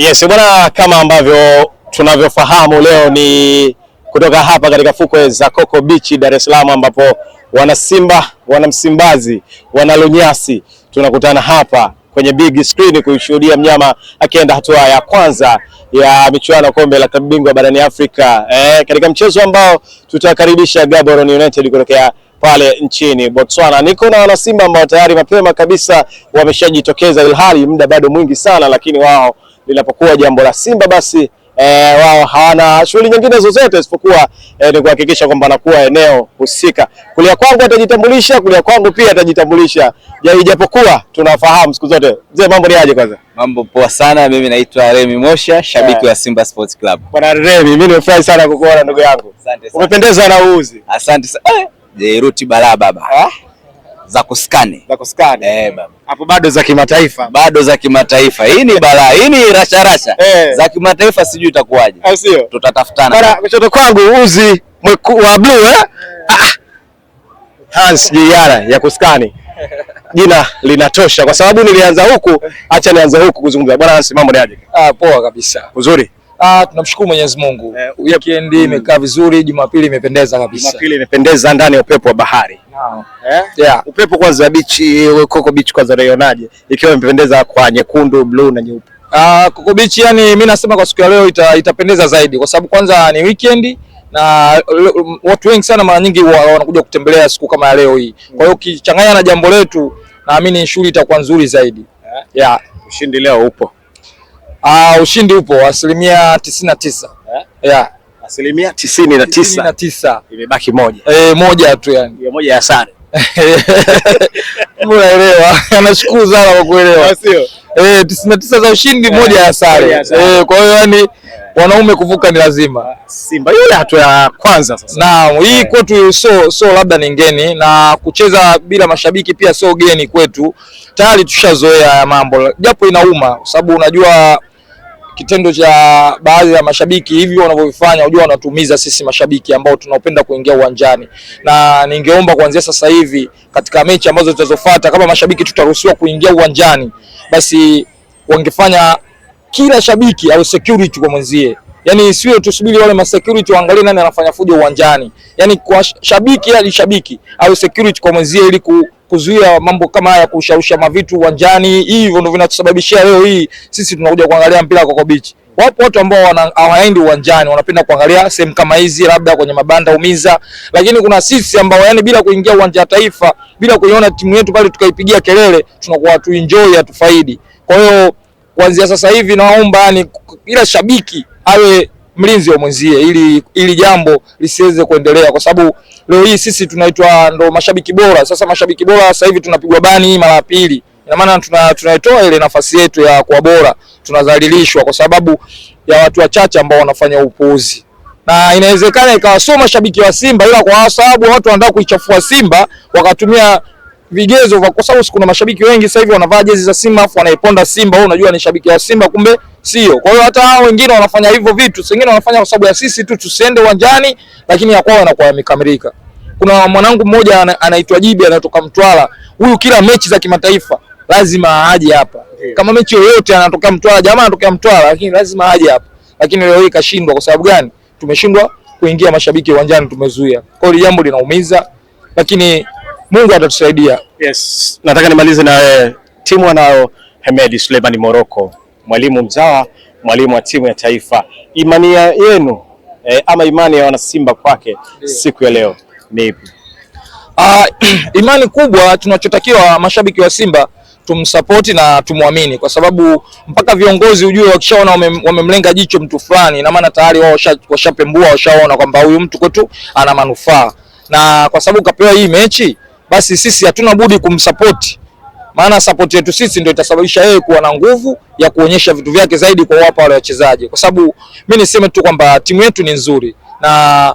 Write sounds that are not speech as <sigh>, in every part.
Yes, bwana, kama ambavyo tunavyofahamu leo ni kutoka hapa katika fukwe za Coco Beach Dar es Salaam, ambapo wanasimba wanamsimbazi lunyasi tunakutana hapa kwenye big screen kuishuhudia mnyama akienda hatua ya kwanza ya michuano kombe la klabu bingwa barani Afrika eh, katika mchezo ambao tutakaribisha Gaborone United kutokea pale nchini Botswana. Niko na wanasimba ambao tayari mapema kabisa wameshajitokeza, ilhali muda bado mwingi sana, lakini wao linapokuwa jambo la Simba basi E, wao hawana shughuli nyingine zozote isipokuwa e, ni kuhakikisha kwamba anakuwa eneo husika. Kulia kwangu atajitambulisha, kulia kwangu pia atajitambulisha, ijapokuwa tunafahamu siku zote. Mzee, mambo ni aje? Kwanza mambo poa sana, mimi naitwa Remi Mosha, shabiki eh. wa Simba Sports Club. Bwana Remi, mimi nimefurahi sana kukuona ndugu yangu, umependeza na uuzi. Asante sana. Jeruti balaa baba za kuskani za kuskani eh, baba hapo bado za kimataifa, bado za kimataifa. Hii ni balaa, hii ni rasha rasha eh. Za kimataifa sijui itakuwaje, au ah, sio? Tutatafutana bana. Kushoto kwangu uzi mweku wa blue eh? eh. Ah, ah, Hans Jiyara ya kuskani jina linatosha, kwa sababu nilianza huku, acha nianze huku kuzungumza. Bwana Hans, mambo ni aje? Ah, poa kabisa, uzuri Ah, tunamshukuru Mwenyezi Mungu. Eh, weekend imekaa mm, vizuri, Jumapili imependeza kabisa. Jumapili imependeza ndani ya upepo wa bahari. Naam. Eh? Yeah. Upepo kwanza wa beach, eh, Coco Beach kwanza unaionaje? Ikiwa imependeza kwa nyekundu, blue na nyeupe. Ah, Coco Beach yani mimi nasema kwa siku ya leo ita, itapendeza zaidi kwa sababu kwanza ni weekend na watu wengi sana mara nyingi wanakuja kutembelea siku kama ya leo hii. Kwa hiyo ukichanganya na jambo letu naamini shughuli itakuwa nzuri zaidi. Yeah. Yeah. Ushindi leo upo. Uh, ushindi upo asilimia tisini na tisa yeah. Yeah. Asilimia tisini na tisa, tisa. Imebaki moja. E, moja tu yani. Ile moja ya sare. <laughs> Unaelewa? Anashukuru sana kwa kuelewa. Ah, sio? Eh, tisini na tisa za ushindi yeah. Moja ya sare. Eh, kwa hiyo yani yeah. wanaume kuvuka ni lazima. Ah, Simba yule hatu ya kwanza sasa. Naam, hii yeah. kwetu so so labda ni ngeni na kucheza bila mashabiki pia so geni kwetu. Tayari tushazoea ya mambo. Japo inauma sababu unajua kitendo cha baadhi ya mashabiki hivi wanavyovifanya, unajua wanatumiza sisi mashabiki ambao tunaopenda kuingia uwanjani, na ningeomba kuanzia sasa hivi katika mechi ambazo zitazofuata, kama mashabiki tutaruhusiwa kuingia uwanjani, basi wangefanya kila shabiki au security kwa mwenzie Yaani sio tusubiri wale ma security waangalie nani anafanya fujo uwanjani. Yaani kwa shabiki ali shabiki au security kwa mwenzie ili ku, kuzuia mambo kama haya kushausha mavitu uwanjani. Hivyo ndio vinatusababishia leo hii sisi tunakuja kuangalia mpira kwa kobichi. Wapo watu ambao hawaendi uwanjani, wanapenda kuangalia sehemu kama hizi, labda kwenye mabanda umiza, lakini kuna sisi ambao yani bila kuingia uwanja wa Taifa, bila kuiona timu yetu pale tukaipigia kelele, tunakuwa tu enjoy, hatufaidi. Kwa hiyo kuanzia sasa hivi naomba yani, ila shabiki awe mlinzi wa mwenzie, ili ili jambo lisiweze kuendelea, kwa sababu leo hii sisi tunaitwa ndo mashabiki bora. Sasa mashabiki bora sasa hivi tunapigwa bani mara ya pili, ina maana tuna tunaitoa ile nafasi yetu ya kuwa bora, tunadhalilishwa kwa sababu ya watu wachache ambao wanafanya upuuzi na inawezekana ikawa sio mashabiki wa Simba ila kwa sababu watu wanataka kuichafua Simba wakatumia vigezo, kwa sababu kuna mashabiki wengi sasa hivi wanavaa jezi za Simba afu wanaiponda Simba. Wewe unajua ni shabiki wa Simba, kumbe sio. Kwa hiyo hata hao wengine wanafanya hivyo vitu, wengine wanafanya kwa sababu ya sisi tu tusiende uwanjani, lakini ya kwao inakuwa yamekamilika. Kuna mwanangu mmoja anaitwa Jibi, anatoka Mtwara. Huyu kila mechi za kimataifa lazima aje hapa, eh. kama mechi yoyote anatokea Mtwara, jamaa anatokea Mtwara, lakini lazima aje hapa. Lakini leo hii kashindwa. Kwa sababu gani? Tumeshindwa kuingia mashabiki uwanjani, tumezuia. Kwa hiyo jambo linaumiza, lakini Mungu atatusaidia. Yes, nataka nimalize na eh, timu wanao Hemedi Suleimani Moroko mwalimu mzawa, mwalimu wa timu ya taifa. Imani yenu eh, ama imani ya wanasimba kwake siku ya leo ni ipi? Uh, <clears throat> imani kubwa, tunachotakiwa mashabiki wa Simba tumsapoti na tumwamini, kwa sababu mpaka viongozi ujue, wakishaona wamemlenga wame jicho mtu fulani, na maana tayari wao washapembua, washaona kwamba huyu mtu kwetu ana manufaa, na kwa sababu kapewa hii mechi, basi sisi hatuna budi kumsapoti maana support yetu sisi ndio itasababisha yeye kuwa na nguvu ya kuonyesha vitu vyake zaidi kwa wapa wale wachezaji, kwa sababu mimi niseme tu kwamba timu yetu ni nzuri, na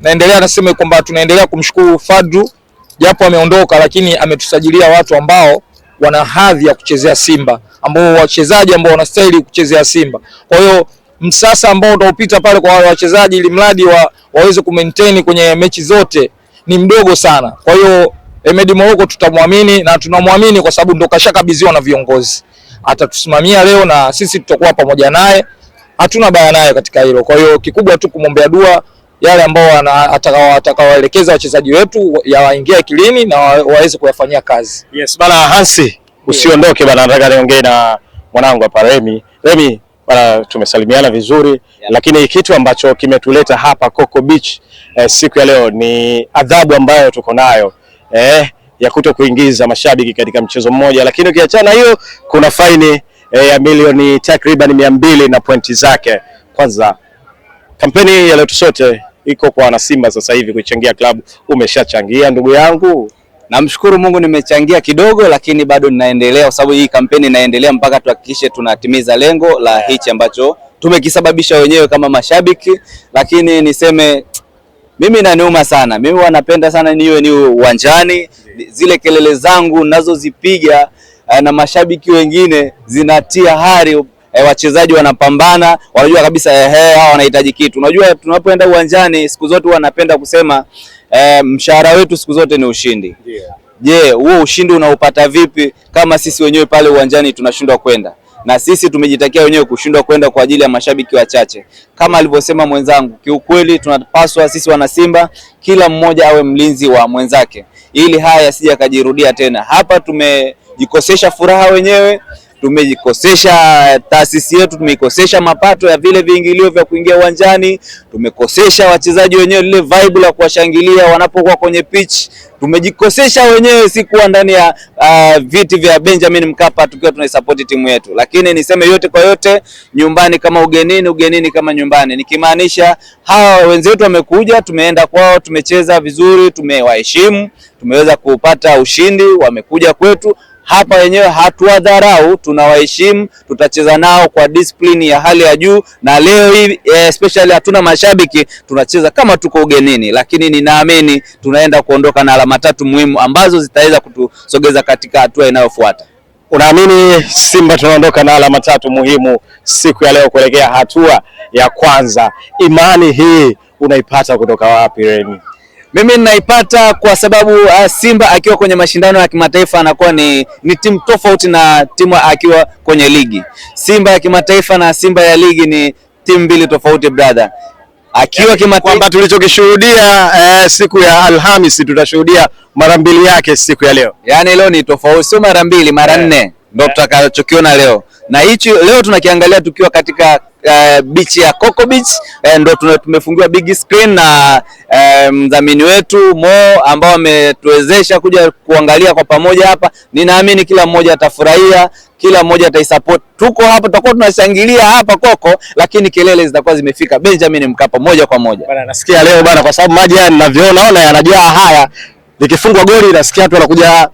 naendelea naseme kwamba tunaendelea kumshukuru Fadru japo ameondoka, lakini ametusajilia watu ambao wana hadhi ya kuchezea Simba, ambao wachezaji ambao wanastahili kuchezea Simba. Kwa hiyo msasa ambao utaupita pale kwa wale wachezaji, ili mradi wa, waweze kumaintain kwenye mechi zote ni mdogo sana, kwa hiyo Emedi Moroko tutamwamini na tunamwamini kwa sababu ndo kashakabidhiwa na viongozi, atatusimamia leo na sisi tutakuwa pamoja naye, hatuna baya naye katika hilo. Kwa hiyo kikubwa tu kumwombea dua yale ambao atakawaelekeza wachezaji wetu yawaingia akilini na waweze kuyafanyia kazi. Yes, bana Hansi, usiondoke bana, nataka niongee na mwanangu hapa Remi. Remi bana, tumesalimiana vizuri yeah. Lakini kitu ambacho kimetuleta hapa Coco Beach eh, siku ya leo ni adhabu ambayo tuko nayo eh, ya kuto kuingiza mashabiki katika mchezo mmoja, lakini ukiachana hiyo kuna faini eh, ya milioni takriban mia mbili na pointi zake. Kwanza kampeni ya letu sote iko kwa wanasimba sasa hivi kuichangia klabu. Umeshachangia ndugu yangu? Namshukuru Mungu nimechangia kidogo, lakini bado ninaendelea, kwa sababu hii kampeni inaendelea mpaka tuhakikishe tunatimiza lengo la hichi ambacho tumekisababisha wenyewe kama mashabiki. Lakini niseme mimi naniuma sana, mimi wanapenda sana niwe ni uwanjani, zile kelele zangu nazozipiga eh, na mashabiki wengine zinatia hari E, wachezaji wanapambana, wanajua kabisa ehe, hawa wanahitaji kitu. Unajua, tunapoenda uwanjani siku zote wanapenda kusema e, mshahara wetu siku zote ni ushindi. Je, yeah. huo ushindi unaupata vipi kama sisi wenyewe pale uwanjani tunashindwa kwenda? na sisi tumejitakia wenyewe kushindwa kwenda kwa ajili ya mashabiki wachache. Kama alivyosema mwenzangu, kiukweli tunapaswa sisi wana Simba kila mmoja awe mlinzi wa mwenzake, ili haya yasije yakajirudia tena. Hapa tumejikosesha furaha wenyewe tumejikosesha taasisi yetu, tumeikosesha mapato ya vile viingilio vya kuingia uwanjani, tumekosesha wachezaji wenyewe lile vibe la kuwashangilia wanapokuwa kwenye pitch, tumejikosesha wenyewe kuwa ndani ya uh, viti vya Benjamin Mkapa tukiwa tunaisapoti timu yetu. Lakini niseme yote kwa yote, nyumbani kama ugenini, ugenini kama nyumbani, nikimaanisha hawa wenzetu wamekuja, tumeenda kwao, tumecheza vizuri, tumewaheshimu, tumeweza kupata ushindi, wamekuja kwetu hapa wenyewe hatuwadharau, tunawaheshimu, tutacheza nao kwa discipline ya hali ya juu, na leo hii eh, especially hatuna mashabiki, tunacheza kama tuko ugenini, lakini ninaamini tunaenda kuondoka na alama tatu muhimu ambazo zitaweza kutusogeza katika hatua inayofuata. Unaamini Simba tunaondoka na alama tatu muhimu siku ya leo kuelekea hatua ya kwanza? Imani hii unaipata kutoka wapi Remi? Mimi ninaipata kwa sababu uh, Simba akiwa kwenye mashindano ya kimataifa anakuwa ni, ni timu tofauti na timu akiwa kwenye ligi. Simba ya kimataifa na Simba ya ligi ni timu mbili tofauti brother. Akiwa yaani kimataifa kwamba tulichokishuhudia eh, siku ya Alhamisi tutashuhudia mara mbili yake siku ya leo. Yaani leo ni tofauti, sio mara mbili, mara eh. nne. Yeah ndo eh. tutakachokiona leo na hichi leo tunakiangalia tukiwa katika uh, beach ya Coco Beach uh, eh, ndo tumefungiwa big screen na uh, mdhamini wetu Mo ambao ametuwezesha kuja kuangalia kwa pamoja hapa. Ninaamini kila mmoja atafurahia, kila mmoja ataisupport. Tuko hapa, tutakuwa tunashangilia hapa Coco, lakini kelele zitakuwa zimefika Benjamin Mkapa moja kwa moja bana. Nasikia leo bana, kwa sababu maji haya ninavyoona ona yanajaa haya, nikifungwa goli nasikia watu wanakuja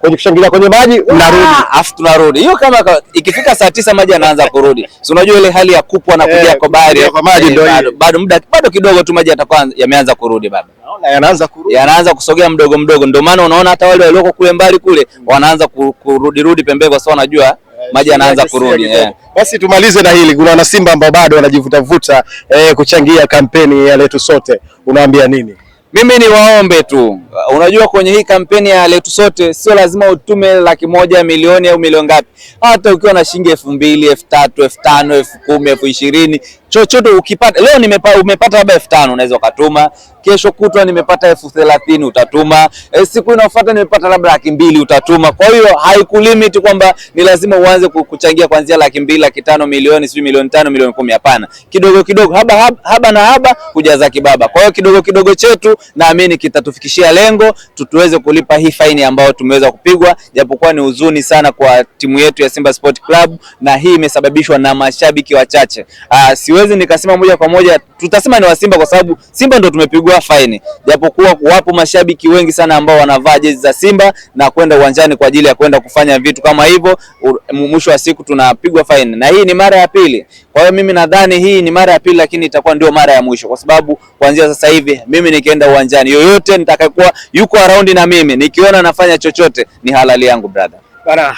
kwenye kushangilia kwenye maji unarudi, afu tunarudi. Hiyo kama ikifika saa tisa maji anaanza kurudi, si unajua ile hali ya kupwa eh, na kuja kwa bahari kwa maji eh, ndio hiyo. Bado muda bado kidogo tu maji yatakuwa yameanza kurudi baba, naona yanaanza kurudi, yanaanza kusogea mdogo mdogo. Ndio maana unaona hata wale walioko kule mbali kule hmm. wanaanza kurudi rudi pembeni, kwa sababu wanajua eh, maji yanaanza kurudi. Basi tumalize na hili, kuna wanasimba ambao bado wanajivutavuta eh, kuchangia kampeni ya letu sote, unaambia nini? Mimi ni waombe tu Uh, unajua kwenye hii kampeni ya letu sote sio lazima utume laki moja milioni au milioni ngapi. Hata ukiwa na shilingi elfu mbili elfu tatu elfu tano elfu kumi elfu ishirini chochote ukipata leo nimepa, umepata labda elfu tano unaweza ukatuma. Kesho kutwa nimepata elfu thelathini utatuma. Eh, siku inayofuata nimepata labda laki mbili utatuma. Kwa hiyo haikulimiti kwamba ni lazima uanze kuchangia kuanzia laki mbili laki tano milioni sijui milioni tano milioni kumi. Hapana, kidogo kidogo, haba, haba, haba na haba kujaza kibaba. Kwa hiyo kidogo kidogo chetu naamini kitatufikishia leo lengo tutuweze kulipa hii faini ambayo tumeweza kupigwa, japokuwa ni huzuni sana kwa timu yetu ya Simba Sport Club, na hii imesababishwa na mashabiki wachache. Aa, ah, siwezi nikasema moja kwa moja tutasema ni wa Simba kwa sababu Simba ndio tumepigwa faini, japokuwa wapo mashabiki wengi sana ambao wanavaa jezi za Simba na kwenda uwanjani kwa ajili ya kwenda kufanya vitu kama hivyo. Mwisho wa siku tunapigwa faini, na hii ni mara ya pili. Kwa hiyo mimi nadhani hii ni mara ya pili, lakini itakuwa ndio mara ya mwisho, kwa sababu kuanzia sasa hivi mimi nikienda uwanjani, yoyote nitakayekuwa yuko araundi na mimi, nikiona nafanya chochote ni halali yangu brother. Bana,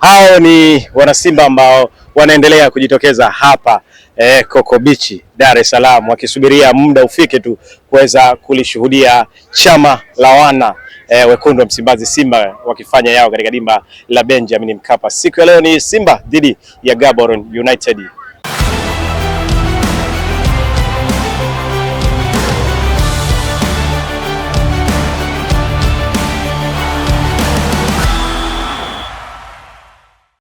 hao ni wanasimba ambao wanaendelea kujitokeza hapa eh, Coco Beach Dar es Salaam, wakisubiria muda ufike tu kuweza kulishuhudia chama la wana eh, wekundu wa Msimbazi Simba wakifanya yao katika dimba la Benjamin Mkapa. Siku ya leo ni Simba dhidi ya Gaborone United.